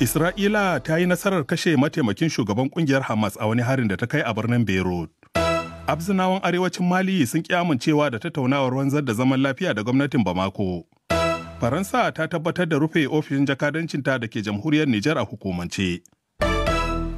Isra'ila ta yi nasarar kashe mataimakin shugaban kungiyar Hamas a wani harin da ta kai a birnin Beirut. Abzinawan arewacin Mali sun ki amincewa da tattaunawar wanzar da zaman lafiya da gwamnatin Bamako. Faransa ta tabbatar da rufe ofishin jakadancinta da ke jamhuriyar Nijar a hukumance.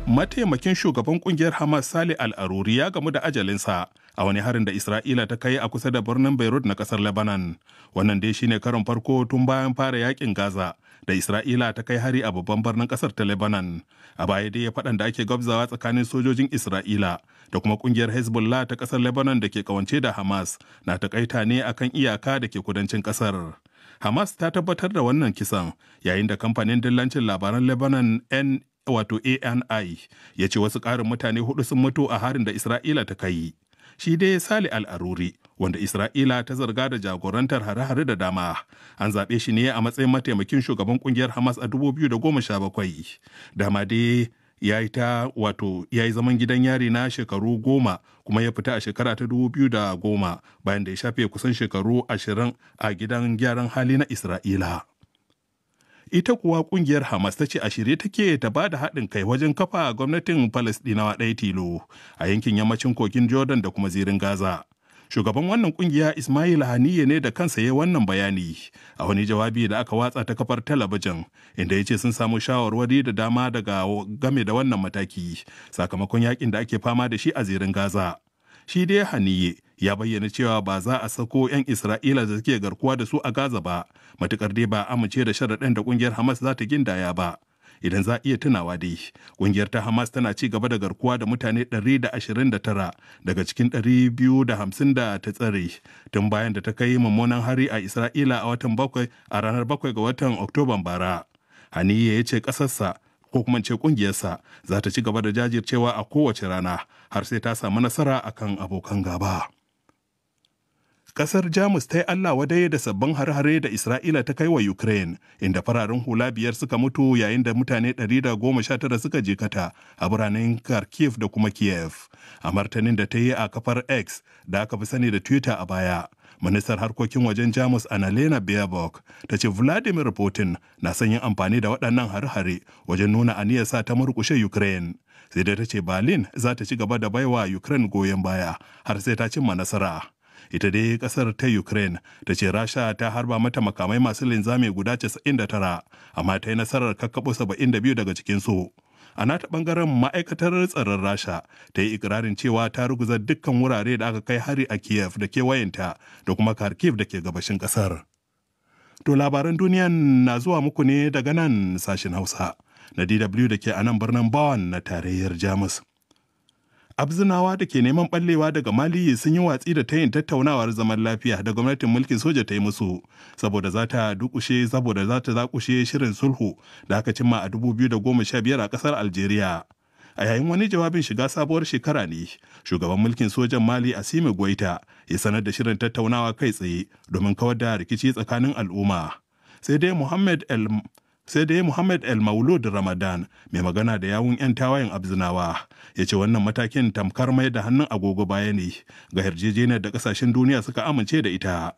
Mataimakin shugaban kungiyar Hamas Sale Al-Aruri ya gamu da ajalinsa a wani harin da Isra'ila ta kai a kusa da birnin Beirut na ƙasar Lebanon. Wannan dai shine karon farko tun bayan fara yakin Gaza da Isra'ila ta kai hari a babban birnin kasar ta Lebanon. A baya dai ya faɗan da ake gwabzawa tsakanin sojojin Isra'ila da kuma ƙungiyar Hezbollah ta kasar Lebanon da ke kawance da Hamas na takaita ne akan iyaka da ke kudancin kasar. Hamas ta tabbatar da wannan kisan yayin da kamfanin dillancin labaran Lebanon N wato ANI ya ce wasu ƙarin mutane hudu sun mutu a harin da Isra'ila ta kai. shi dai Sale al'aruri, wanda Isra'ila ta zarga da jagorantar hare-hare da dama. An zaɓe shi ne a matsayin mataimakin shugaban kungiyar Hamas a 2017. Dama dai ya yi ta wato ya yi zaman gidan yari na shekaru goma kuma ya fita a shekara ta dubu biyu da goma bayan da ya shafe kusan shekaru ashirin a gidan gyaran hali na Isra'ila. ita kuwa kungiyar hamas ta ce a shirye take ta ba da haɗin kai wajen kafa gwamnatin falastinawa ɗaya tilo a yankin yammacin kogin jordan da kuma zirin gaza shugaban wannan kungiya ismail haniye ne da kansa ya wannan bayani a wani jawabi da aka watsa ta kafar talabijin inda ya ce sun samu shawarwari da dama daga game da wannan mataki sakamakon yakin da ake fama da shi a zirin gaza shi dai haniye ya bayyana cewa ba za a sako 'yan isra'ila da suke garkuwa da su a gaza ba matukar dai ba amince da sharaɗin da ƙungiyar hamas za ta gindaya ba idan za a iya tunawa dai ƙungiyar ta hamas tana ci gaba da garkuwa da mutane 129 daga cikin 250 da ta tsare tun bayan da ta kai mummunan hari a isra'ila a watan bakwai a ranar bakwai ga watan oktoban bara haniye ya ce kasarsa ko kuma ce ƙungiyarsa za ta ci gaba da jajircewa a kowace rana har sai ta samu nasara akan abokan gaba. Kasar Jamus ta yi Allah wadai da sabbin har da Isra'ila ta kai wa Ukraine, inda fararen hula biyar suka mutu yayin da mutane da sha 119 suka jikata a biranen Kharkiv da kuma Kiev. A martanin da ta yi a kafar X da aka fi sani da Twitter a baya, ministar harkokin wajen Jamus Annalena Baerbock ta ce Vladimir Putin na son amfani da waɗannan har-hare wajen nuna sa ta murƙushe Ukraine. sai dai ta ce berlin za ta ci gaba da baiwa ukraine goyon baya har sai ta cimma nasara ita dai kasar ta ukraine ta ce rasha ta harba mata makamai masu linzami guda casa'in 99 amma ta yi nasarar kakkaɓo 72 daga cikinsu a nata bangaren ma'aikatar tsaron rasha ta yi ikirarin cewa ta ruguza dukkan wurare da aka kai hari a kiev da kewayenta da kuma kharkiv da ke gabashin kasar to labaran duniya na zuwa muku ne daga nan sashen hausa na DW da ke a nan birnin Bawan na tarayyar Jamus. Abzinawa da ke neman ɓallewa daga Mali sun yi watsi da tayin tattaunawar zaman lafiya da gwamnatin mulkin soja ta yi musu saboda za ta dukushe saboda za ta zakushe shirin sulhu da aka cimma a 2015 a ƙasar Algeria. a yayin wani jawabin shiga sabuwar shekara ne shugaban mulkin sojan mali asimi goita ya sanar da shirin tattaunawa kai tsaye domin kawar da rikici tsakanin al'umma sai dai muhammad el sai dai muhammad el maulud ramadan mai magana da yawun 'yan tawayen abzinawa ya ce wannan matakin tamkar mai da hannun agogo baya ne ga yarjejeniyar da ƙasashen duniya suka amince da ita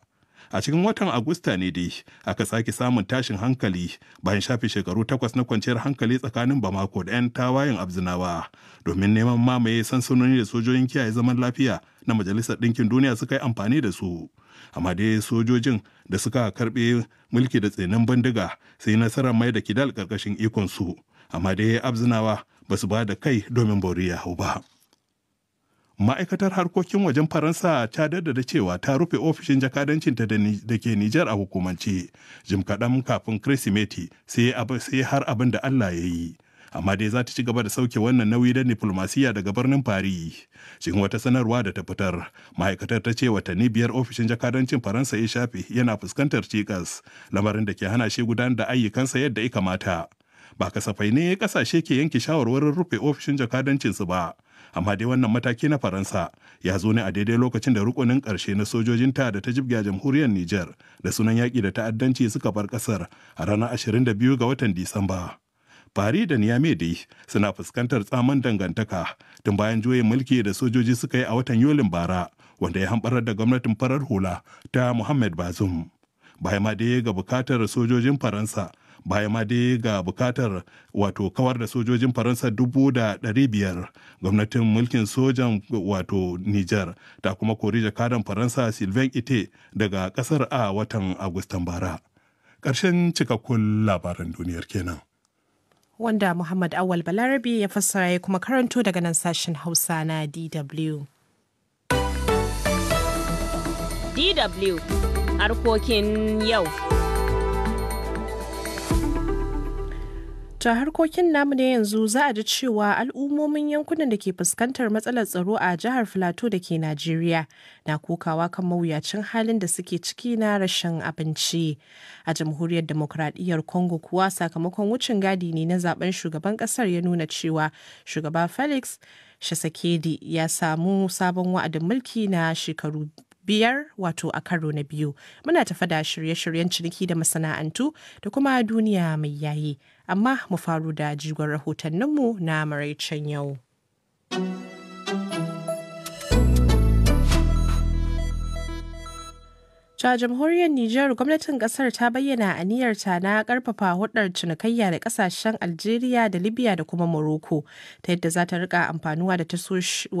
a cikin watan agusta ne dai aka sake samun tashin hankali bayan shafe shekaru takwas na kwanciyar hankali tsakanin bamako da 'yan tawayen abzinawa domin neman mamaye sansanoni da sojojin kiyaye zaman lafiya na majalisar ɗinkin duniya suka yi amfani da su amma dai sojojin da suka karbe mulki da tsinin bindiga sai nasarar mai da kidal ƙarƙashin ikonsu amma dai abzinawa ba su ba da kai domin bori ya hau ba. ma'aikatar harkokin wajen faransa ta daddada cewa ta rufe ofishin jakadancinta da ke nijar a hukumance jim kaɗan kafin kirsimeti sai har abin da allah ya yi amma dai za ta ci gaba da sauke wannan nauyi da diflomasiyya daga birnin Fari. cikin wata sanarwa da ta fitar ma'aikatar ta ce watanni biyar ofishin jakadancin faransa ya shafe yana fuskantar cikas lamarin da ke hana shi gudanar da ayyukansa yadda ya kamata ba kasafai ne ƙasashe ke yanke shawarwarin rufe ofishin jakadancinsu ba amma dai wannan mataki na faransa ya zo ne a daidai lokacin da rukunin ƙarshe na sojojinta da ta jibga jamhuriyar niger da sunan yaƙi da ta'addanci suka bar ƙasar a ranar 22 ga watan disamba Fari da niyame dai suna fuskantar tsaman dangantaka tun bayan juyin mulki da sojoji suka yi a watan Yulin bara wanda ya hamɓarar da gwamnatin farar hula ta Muhammad Bazum Bayan ma dai ga bukatar sojojin Faransa baya ma dai ga bukatar wato kawar da sojojin faransa dubu da ɗari biyar gwamnatin mulkin sojan wato niger ta kuma kori jakadan faransa sylvain ite daga ƙasar a watan agustan bara karshen cikakkun labaran duniyar kenan wanda muhammad awal balarabi ya fassara ya kuma karanto daga nan sashen hausa na dw DW harkokin yau. Dakta harkokin namu da yanzu za a ji cewa al'ummomin yankunan da ke fuskantar matsalar tsaro a jihar Filato da ke Najeriya na kokawa kan mawuyacin halin da suke ciki na rashin abinci. A jamhuriyar demokradiyyar Congo kuwa sakamakon wucin gadi ne na zaben shugaban kasar ya nuna cewa shugaba Felix Shisekedi ya samu sabon wa'adin mulki na shekaru biyar wato a karo na biyu muna tafa da shirye-shiryen ciniki da masana'antu da kuma duniya mai yayi amma mu faru da jigon rahotanninmu na maraicen yau. Ta jamhuriyar Nijar gwamnatin kasar ta bayyana aniyarta na karfafa hudar cinikayya da kasashen Algeria da Libya da kuma Morocco ta yadda za ta rika amfanuwa da tasoshin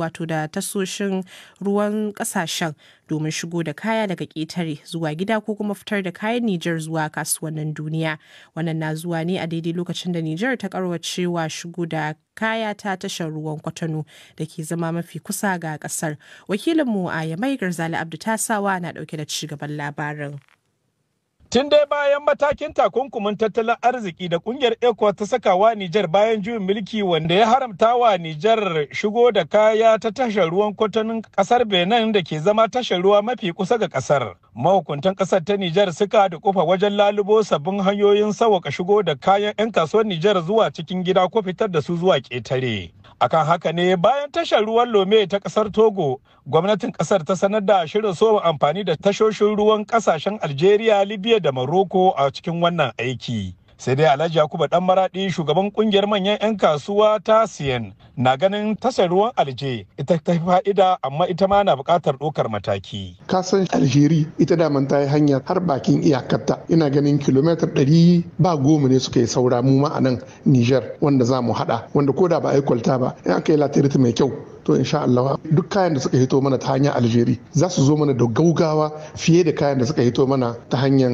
ruwan kasashen domin shigo da kaya daga ƙetare zuwa gida ko kuma fitar da kayan Nijar zuwa kasuwannin duniya. Wannan na zuwa ne a daidai lokacin da Nijar ta karwacewa shigo da kaya ta tashar ruwan kwatano da ke zama mafi kusa ga kasar. Wakilinmu a Yamai Garzali Abdu Tasawa na ɗauke da ci gaban labarin. Tun dai bayan matakin takunkumin tattalin arziki da kungiyar ECOWAS ta sakawa wa Nijar bayan juyin mulki wanda ya haramta wa Nijar shigo da kaya ta tashar ruwan kwatanin kasar Benin da ke zama tashar ruwa mafi kusa ga kasar. Mahukuntan kasar ta Nijar suka da kofa wajen lalubo sabbin hanyoyin sawaka shigo da kayan 'yan kasuwar Nijar zuwa cikin gida ko fitar da su zuwa ƙetare. akan haka ne bayan tashar ruwan lome ta kasar togo gwamnatin kasar ta sanar da shirin so amfani da tashoshin ruwan kasashen algeria libya da morocco a cikin wannan aiki sai dai alhaji yakuba dan maradi shugaban kungiyar manyan 'yan kasuwa ta siyan na ganin tasar ruwan alje ita ta fa'ida amma ita ma na bukatar ɗaukar mataki ka san alheri ita daman ta yi hanya har bakin iyakarta ina ganin kilomita ɗari ba goma ne suka yi saura mu ma a nan niger wanda za mu haɗa wanda ko da ba a yi kwalta ba in aka yi latiriti mai kyau to insha Allah duk kayan da suka hito mana ta hanyar Algeria za su zo mana da gaugawa fiye da kayan da suka hito mana ta hanyar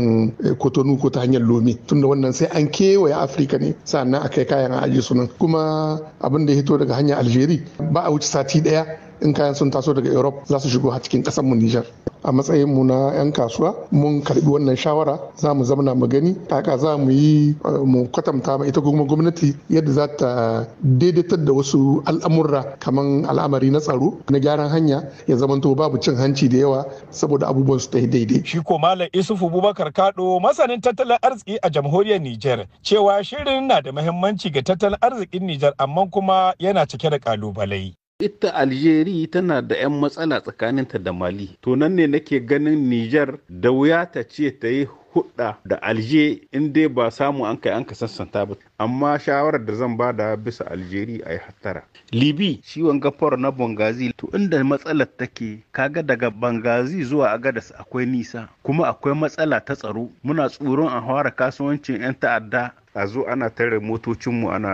Kotonu eh, ko ta hanyar Lomé. tunda wannan sai an kewaye Afirka ne sannan a kai kayan a aje sunan kuma abin da ya hito daga hanyar Aljeri, ba a wuce sati daya in kayan sun taso daga europe za su shigo a cikin kasan mu nijar a matsayin mu na 'yan kasuwa mun karbi wannan shawara za mu zamana mu gani haka za mu yi eh, mu kwatanta ma ita kuma gwamnati yadda za ta daidaitar da wasu al'amurra kamar al'amari na tsaro na gyaran hanya ya zamanto babu cin hanci da yawa saboda abubuwan su ta daidai. Shi ko Malam Isufu Bubakar Kado masanin tattalin arziki a jamhuriyar Nijar cewa shirin na da muhimmanci ga tattalin arzikin Nijar amma kuma yana cike da kalubale. ita Aljeri tana da 'yan matsala tsakaninta da mali to nan ne nake ganin Nijar da wuya ta ce ta yi hudda da alje in dai ba samu an kai an ka sassanta ba amma shawarar da zan bada bisa aljeri a yi hattara libi ciwon gafar na bangazi to inda matsalar take kaga daga bangazi zuwa agadas akwai nisa kuma akwai matsala ta tsaro muna tsoron a fara kasuwancin 'yan ta'adda a zo ana tare motocinmu ana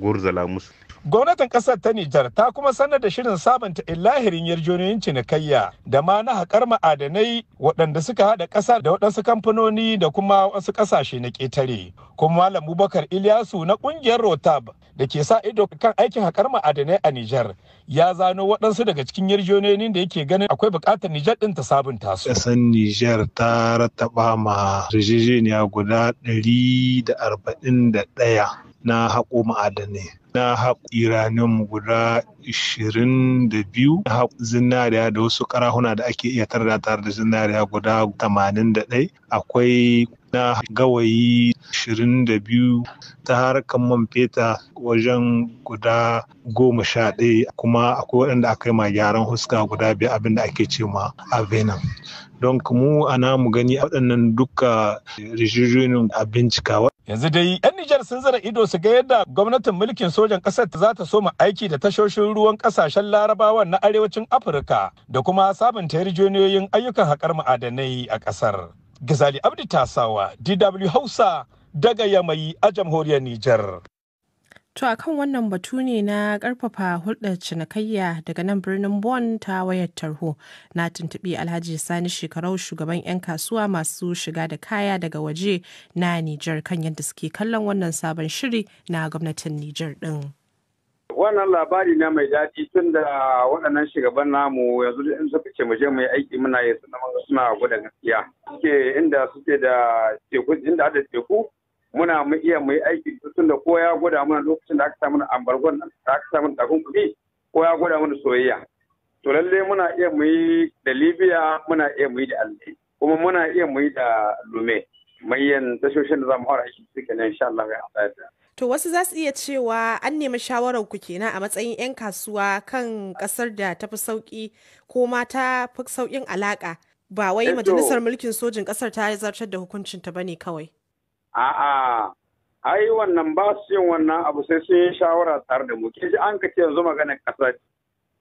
gurzala musu gwamnatin kasar ta nijar ta kuma sanar da shirin sabanta illahirin yarjejeniyar cinikayya da ma na haƙar ma'adanai waɗanda suka haɗa ƙasar da waɗansu kamfanoni da kuma wasu ƙasashe na ƙetare kuma malam bubakar ilyasu na ƙungiyar rotab da ke sa ido kan aikin haƙar ma'adanai a nijar ya zano waɗansu daga cikin yarjejeniyoyin da yake ganin akwai buƙatar nijar ɗin ta sabunta su. ƙasar nijar ta rataɓa ma yarjejeniya guda ɗari da arba'in da ɗaya na haƙo ma'adanai na haƙo iraninmu guda 22 na zinariya da wasu karahuna da ake iya tarda tare da zinariya guda 81 akwai na gawayi 22 ta harkar man feta wajen guda goma sha ɗaya kuma akwai waɗanda aka yi ma gyaran huska guda biyu abinda ake ce ma avenan don mu ana mu gani waɗannan duka rijiyoyin abincika. yanzu dai yan nijar sun zara ido su ga yadda gwamnatin mulkin sojan ƙasar za ta soma aiki da tashoshin ruwan ƙasashen larabawa na arewacin afirka da kuma sabunta yarjejeniyoyin ayyukan haƙar ma'adanai a ƙasar Gizali abdi tasawa dw hausa daga yamai a jamhuriyar nijar To a kan wannan batu ne na karfafa hulɗar cinikayya daga nan birnin Bon ta wayar tarho na tuntuɓi Alhaji Sani shekarau shugaban 'yan kasuwa masu shiga da kaya daga waje na Nijar kan yadda suke kallon wannan sabon shiri na gwamnatin Nijar ɗin. Wannan labari na mai daɗi tun da waɗannan shugaban namu yanzu in suka ce mu je mu yi aiki muna yi suna gwada gaskiya. Suke inda suke da teku inda da teku muna mu iya mu yi aiki tun da ko ya gwada mana lokacin da aka samu na ambargon nan da aka samu takunkumi ko ya gwada mana soyayya to lalle muna iya mu yi da libya muna iya mu yi da alde kuma muna iya mu yi da lume mayan tashoshin da za mu fara aiki suke nan insha Allah ya To wasu za su iya cewa an nemi shawarar ku kenan a matsayin 'yan kasuwa kan kasar da ta fi sauki ko ma ta fi saukin alaka ba wai eh, majalisar mulkin sojin kasar ta zartar da hukuncin ta bane kawai. a'a ai wannan ba su yin wannan abu sai sun yi shawara tare da mu ke ji an ka ce yanzu maganin ƙasa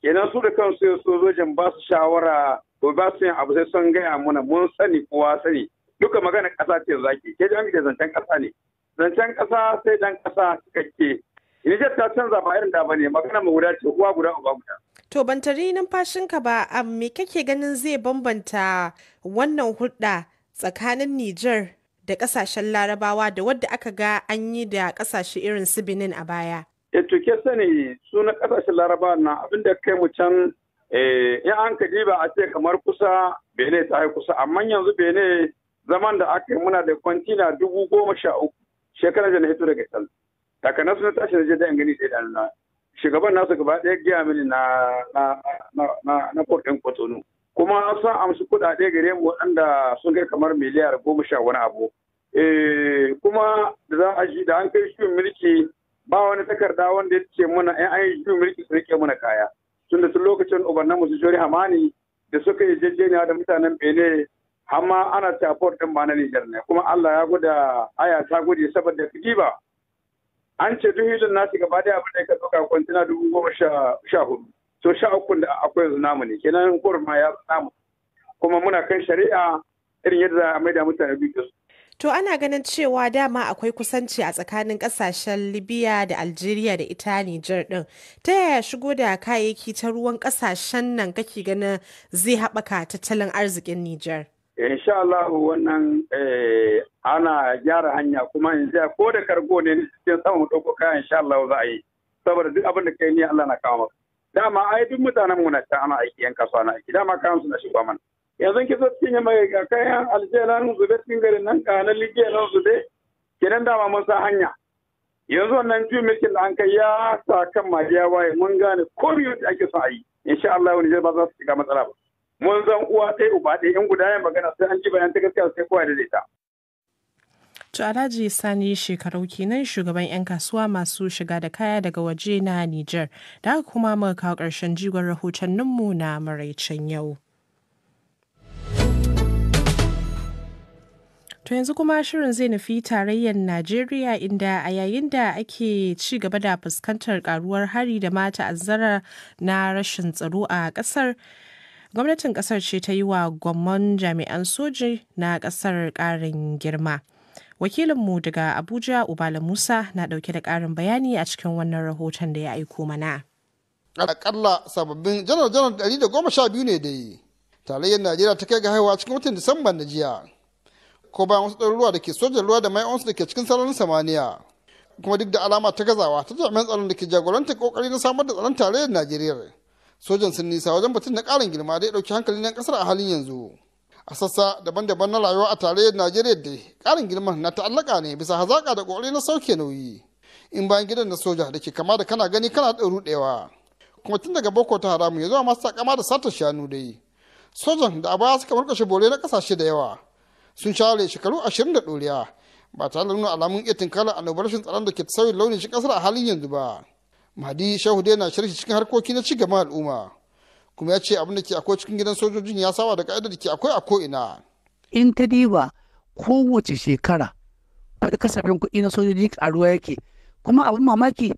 kenan su da kansu jin ba su shawara to ba su yin abu sai sun gaya muna mun sani kowa sani duka maganin ƙasa ce zaki ke ji an ka ce zancen ƙasa ne zancen ƙasa sai dan ƙasa cikakke Nijar ta canza ba irin da ba ne magana mu guda ce uwa guda uba guda. To ban tari numfashinka ba me kake ganin zai bambanta wannan hulɗa tsakanin Nijar da kasashen larabawa da wadda aka ga an yi da kasashe irin su benin a baya eh, to ke sani sunan kasashen larabawa na abin da kai mu can eh, in an ka ba a ce kamar kusa bene ta yi kusa amma yanzu bene zaman da aka yi muna da kwantina dubu goma sha uku shekarar da na hito daga ital takanas na tashi na jirgin gani sai da na shugaban nasu gaba ɗaya gaya mini na na na na na kuma sun amsu kuɗaɗe gare mu waɗanda sun kai kamar miliyar goma sha wani abu eh, kuma da za a ji da an kai shi mulki ba wani takarda wanda ya ce mana in an yi shi mulki su rike mana kaya tun da tun lokacin ubannan musu jori hamani da suka yi jejjeniya da mutanen bene amma ana tafiyar ɗin ba na nijar ne kuma allah ya guda aya ta gude saboda fiki ba an ce duk hilin nasu gaba daya abin da ya ka kwantina dubu goma sha hudu so sha uku da akwai yanzu namu ne kenan ma ya namu kuma muna kan shari'a irin yadda a maida mutane biyu To ana ganin cewa dama akwai kusanci a tsakanin kasashen Libya da Algeria da ita Niger din. Ta yaya shigo da kayayyaki ta ruwan kasashen nan kake ganin zai haɓaka tattalin arzikin Nijar? Insha Allah wannan eh, ana gyara hanya kuma in yanzu ko da kargo ne cikin samun ɗauko kayan insha Allah za a yi. Saboda duk abin da kai ni Allah na kawo maka. dama ai duk mutanen mu na ta ana aiki yan kasuwa na aiki dama kayan su na shigo mana yanzu ki zo cikin yamma ga kayan aljera nan zube cikin garin nan kanan ligiya nan zube kenan dama mun sa hanya yanzu wannan ju da an kai ya sa kan magiya waye mun gane ko biyu da ake son a yi insha Allah wani ba za su shiga matsala ba mun zan uwa ɗaya uba ɗaya in guda yin magana sai an ji bayan ta gaskiya sai kowa da ta To Alhaji Sani shekaru kenan shugaban 'yan kasuwa masu shiga da kaya daga waje na Nijar. Da haka kuma muka kawo ƙarshen jigon rahotanninmu na maraicen yau. To yanzu kuma shirin zai nufi tarayyar Najeriya inda a yayin da ake ci gaba da fuskantar karuwar hari da mata azzara na rashin tsaro a kasar. Gwamnatin kasar ce ta yi wa gwamman jami'an soji na kasar ƙarin girma. Wakilinmu daga Abuja Ubala Musa na dauke da karin bayani a cikin wannan rahoton da ya aiko mana. Akalla sababbin janar-janar biyu ne dai. Tarayyar Najeriya ta kai ga haihuwa cikin watan Disamba na jiya. Ko bayan wasu ɗaruruwa da ke sojan ruwa da mayansu da ke cikin sararin samaniya. Kuma duk da alama ta gazawa ta jami'an tsaron da ke jagorantar kokari na samar da tsaron tarayyar Najeriya. Sojan sun nisa wajen batun na karin girma da ya ɗauki hankalin 'yan ƙasar a halin yanzu. a sassa daban-daban na rayuwa a tarayyar najeriya da ƙarin girman na ta'allaka ne bisa hazaƙa da ƙoƙari na sauke nauyi in bayan gidan na soja da ke kama da kana gani kana da ruɗewa kuma tun daga boko ta haramu ya zama masu takama da satar shanu dai sojan da a baya suka murƙashe bore na ƙasashe da yawa sun share shekaru ashirin da ɗoriya ba tare da nuna alamun iya tunkarar annobar rashin tsaron da ke sauyin launin shi ƙasar a halin yanzu ba mahdi shahu dai na shirki cikin harkoki na cigaban gaban al'umma kuma ya ce abin da ke akwai cikin gidan sojojin ya saba da ka'idar da ke akwai a ko'ina. in ta diba kowace shekara kuɗi kasafin kuɗi na sojoji karuwa yake kuma abin mamaki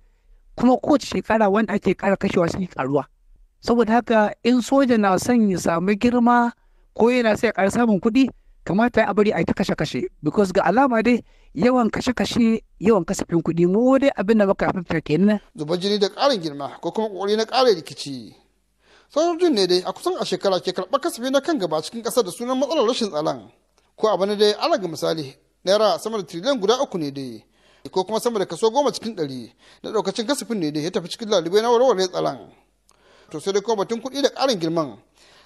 kuma kowace shekara wanda ake ƙara kashewa shi karuwa saboda haka in soja na son ya samu girma ko yana sai ƙara samun kuɗi kamata ya bari a ta kashe-kashe because ga alama dai yawan kashe-kashe yawan kasafin kuɗi mu dai abin da muka fita kenan zuba jini da ƙarin girma ko kuma ƙoƙari na ƙara rikici sojojin ne dai a kusan a shekara ke karɓar kasafi na kan gaba cikin ƙasar da sunan matsalar rashin tsaron ko abu ne dai ga misali naira sama da tiriliyan guda uku ne dai ko kuma sama da kaso goma cikin ɗari na ɗaukacin kasafin ne dai ya tafi cikin lalibai na warware tsaron to sai dai kuma batun kuɗi da ƙarin girman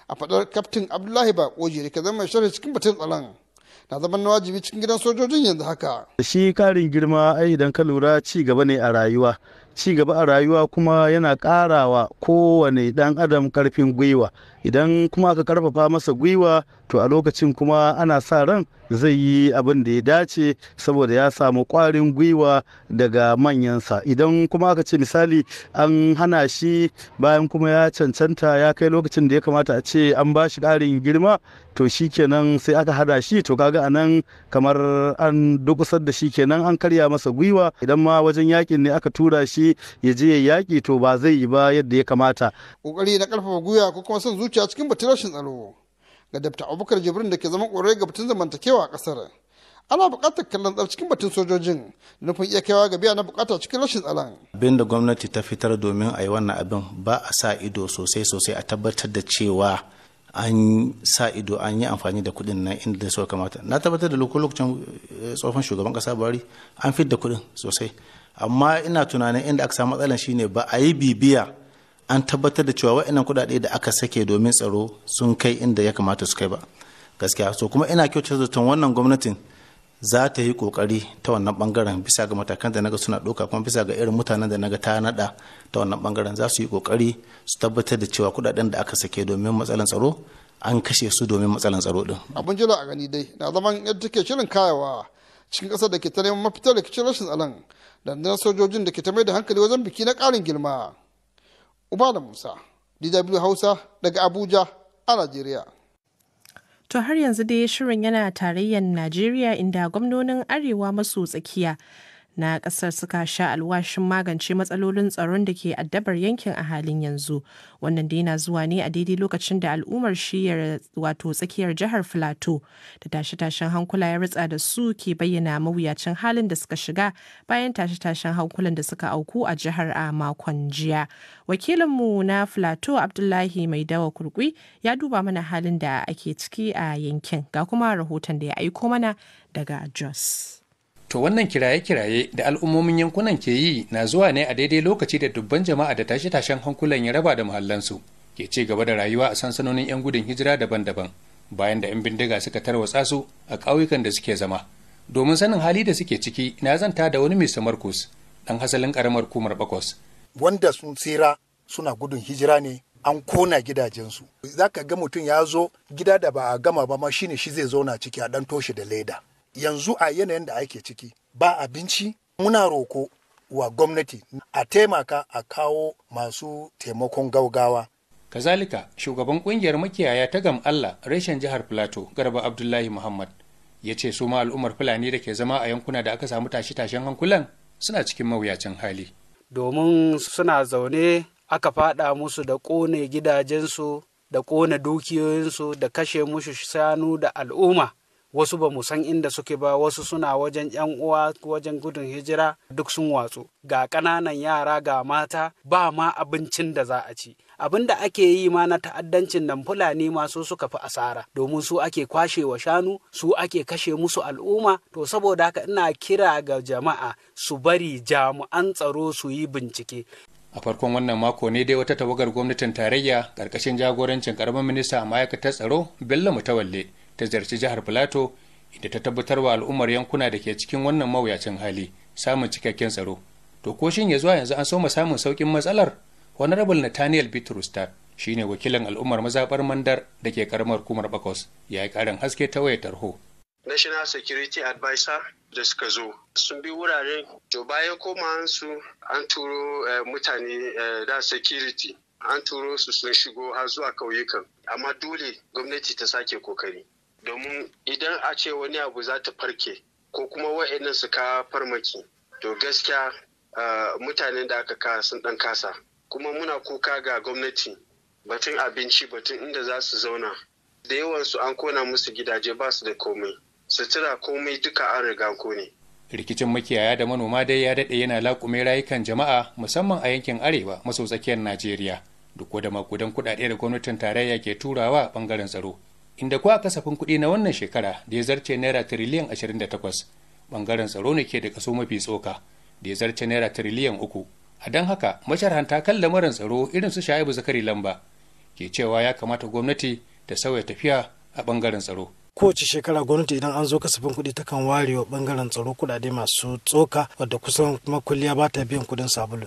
a faɗar kaftin abdullahi ko jere ka zama sharhi cikin batun tsaron na zama na wajibi cikin gidan sojojin yanzu haka. shi karin girma ai idan ka lura ci gaba ne a rayuwa ci gaba a rayuwa kuma yana ƙarawa kowane ɗan adam ƙarfin gwiwa idan kuma aka ƙarfafa masa gwiwa to a lokacin kuma ana sa ran zai yi abin da ya dace saboda ya samu kwarin gwiwa daga manyansa idan kuma aka ce misali an hana shi bayan kuma ya cancanta ya kai lokacin da ya kamata a ce an ba shi ƙarin girma to shi kenan sai aka hada shi to kaga anan kamar an dukusar da shi kenan an karya masa gwiwa idan ma wajen yakin ne aka tura shi ya je yaki to ba zai yi ba yadda ya kamata kokari na karfafa gwiwa ko kuma son zuciya cikin batun rashin tsaro ga dabta abubakar jibrin da ke zama ƙorai ga batun zamantakewa a kasar ana bukatar kallon tsar cikin batun sojojin nufin iya kaiwa ga biya na buƙata cikin rashin tsalan. abin da gwamnati ta fitar domin a yi wannan abin ba a sa ido sosai sosai a tabbatar da cewa an sa ido an yi amfani da kuɗin nan inda suka kamata na tabbatar da lokacin eh, tsohon shugaban ƙasa buhari an da kuɗin sosai amma ina tunanin inda aka samu matsalan shine ba a yi bibiya an tabbatar da cewa wa'annan kuɗaɗe da aka sake domin tsaro sun kai inda ya kamata su kai ba gaskiya so kuma ina kyautar zaton wannan gwamnatin za ta yi kokari ta wannan bangaren bisa ga matakan da naga suna ɗauka kuma bisa ga irin mutanen da naga ta naɗa ta wannan bangaren za su yi kokari su tabbatar da cewa kuɗaɗen da aka sake domin matsalan tsaro an kashe su domin matsalan tsaro din. abun jira a gani dai na zaman yadda take shirin kayawa cikin kasa da ke ta neman mafitar kicin rashin tsaron da sojojin da ke ta mai da hankali wajen biki na ƙarin girma da Musa, DW Hausa daga Abuja a Najeriya. To har yanzu dai shirin yana tarayyar Najeriya inda gwamnonin Arewa maso tsakiya na kasar suka sha alwashin magance matsalolin tsaron da ke addabar yankin a halin yanzu wannan da yana zuwa ne a daidai lokacin da al'ummar shiyar wato tsakiyar jihar filato da tashe-tashen hankula ya ritsa da su ke bayyana mawuyacin halin da suka shiga bayan tashe-tashen hankulan da suka auku a jihar a makon jiya wakilinmu na filato abdullahi mai dawa kurkwi ya duba mana halin da ake ciki a yankin ga kuma rahoton da ya aiko mana daga jos To wannan kiraye-kiraye da al'ummomin yankunan ke yi na zuwa ne a daidai lokaci da dubban jama'a da tashe-tashen hankulan ya raba da muhallansu ke ci gaba da rayuwa a sansanonin 'yan gudun hijira daban-daban bayan da 'yan bindiga suka tarwatsa su a ƙauyukan da suke zama. Domin sanin hali da suke ciki na zanta da wani Mr. Marcus ɗan hasalin ƙaramar kumar Bakwas. Wanda sun tsira suna gudun hijira ne an kona gidajensu. Za ka ga mutum ya zo gida da ba a gama ba ma shine shi zai zauna ciki a ɗan toshe da leda. yanzu a yanayin da ake ciki ba abinci muna roko wa gwamnati a taimaka a kawo masu taimakon gaugawa kazalika shugaban kungiyar makiyaya ta gam allah reshen jihar Filato garba abdullahi muhammad ya ce su ma al'ummar fulani da ke zama a yankuna da aka samu tashe-tashen hankulan suna cikin mawuyacin hali domin suna zaune aka fada musu da ƙone gidajensu da ƙone dukiyoyinsu da kashe musu shanu da al'umma wasu ba mu san inda suke ba wasu suna wajen yan uwa wajen gudun hijira duk sun watsu ga ƙananan yara ga mata ba ma abincin da za a ci abin da ake yi ma na ta'addancin nan fulani masu suka fi asara domin su ake kwashe wa shanu su ake kashe musu al'umma to saboda haka ina kira ga jama'a su bari jami'an tsaro su yi bincike a farkon wannan mako ne dai wata tawagar gwamnatin tarayya ƙarƙashin jagorancin ƙaramin minista a ma'aikatar tsaro bello mutawalle ta ziyarci jihar Filato inda ta tabbatar wa al'ummar yankuna da ke cikin wannan mawuyacin hali samun cikakken tsaro. To ko shin ya zuwa yanzu an soma samun saukin matsalar? Honorable Nathaniel Bitrus ta ne wakilin al'ummar mazaɓar mandar da ke karamar kumar Bakos ya yi ƙarin haske ta waya tarho. National Security Advisor da suka zo sun bi wuraren to bayan komawansu an turo eh, mutane eh, da security an turo su sun shigo har zuwa kauyukan amma dole gwamnati ta sake kokari domin idan a ce wani abu za ta farke ko kuma wa'annan su ka farmaki to gaskiya mutanen da aka ka sun dan kasa kuma muna kuka ga gwamnati batun abinci batun inda za su zauna da yawansu an kona musu gidaje ba su da komai sutura komai duka an riga ne rikicin makiyaya da manoma dai ya daɗe yana laƙume rayukan jama'a musamman a yankin arewa maso tsakiyar najeriya duk da makudan kuɗaɗe da gwamnatin tarayya ke turawa ɓangaren tsaro inda kuwa kasafin kuɗi na wannan shekara da ya zarce naira tiriliyan 28 ɓangaren tsaro ne ke da kaso mafi tsoka da ya zarce naira tiriliyan 3 a don haka masharhanta kan lamarin tsaro irin su sha'ibu zakari lamba ke cewa ya kamata gwamnati ta sauya tafiya a ɓangaren tsaro kowace shekara gwamnati idan an zo kasafin kuɗi ta kan ware ɓangaren tsaro kuɗaɗe masu tsoka wadda kusan makulliya ba ta biyan kuɗin sabulu